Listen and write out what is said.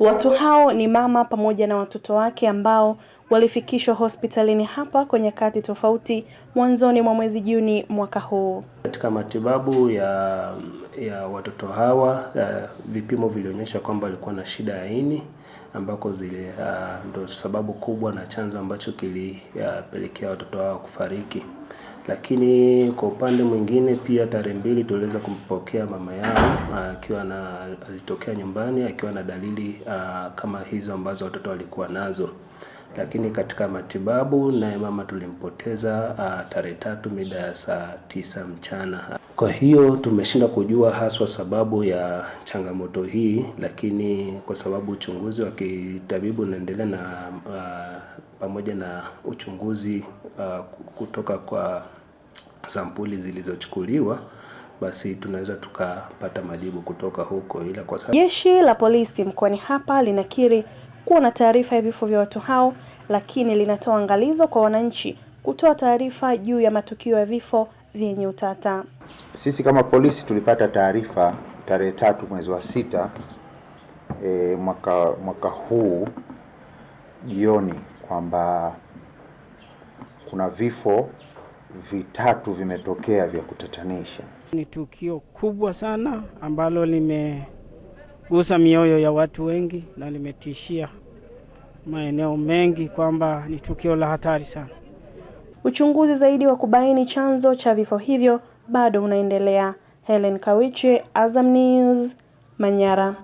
Watu hao ni mama pamoja na watoto wake ambao walifikishwa hospitalini hapa kwa nyakati tofauti mwanzoni mwa mwezi Juni mwaka huu. Katika matibabu ya, ya watoto hawa ya, vipimo vilionyesha kwamba walikuwa na shida ya ini ambako zile ndo sababu kubwa na chanzo ambacho kilipelekea watoto hawa kufariki. Lakini kwa upande mwingine pia tarehe mbili tuliweza kumpokea mama yao akiwa na alitokea nyumbani akiwa na dalili a, ah, kama hizo ambazo watoto walikuwa nazo lakini katika matibabu naye mama tulimpoteza ah, tarehe tatu mida ya saa tisa mchana. Kwa hiyo tumeshindwa kujua haswa sababu ya changamoto hii, lakini kwa sababu uchunguzi wa kitabibu unaendelea na ah, pamoja na uchunguzi uh, kutoka kwa sampuli zilizochukuliwa basi tunaweza tukapata majibu kutoka huko, ila kwa sababu jeshi la polisi mkoani hapa linakiri kuwa na taarifa ya vifo vya watu hao, lakini linatoa angalizo kwa wananchi kutoa taarifa juu ya matukio ya vifo vyenye utata. Sisi kama polisi tulipata taarifa tarehe tatu mwezi wa sita e, mwaka, mwaka huu jioni kwamba kuna vifo vitatu vimetokea vya kutatanisha. Ni tukio kubwa sana ambalo limegusa mioyo ya watu wengi na limetishia maeneo mengi kwamba ni tukio la hatari sana. Uchunguzi zaidi wa kubaini chanzo cha vifo hivyo bado unaendelea. Helen Kawiche, Azam News, Manyara.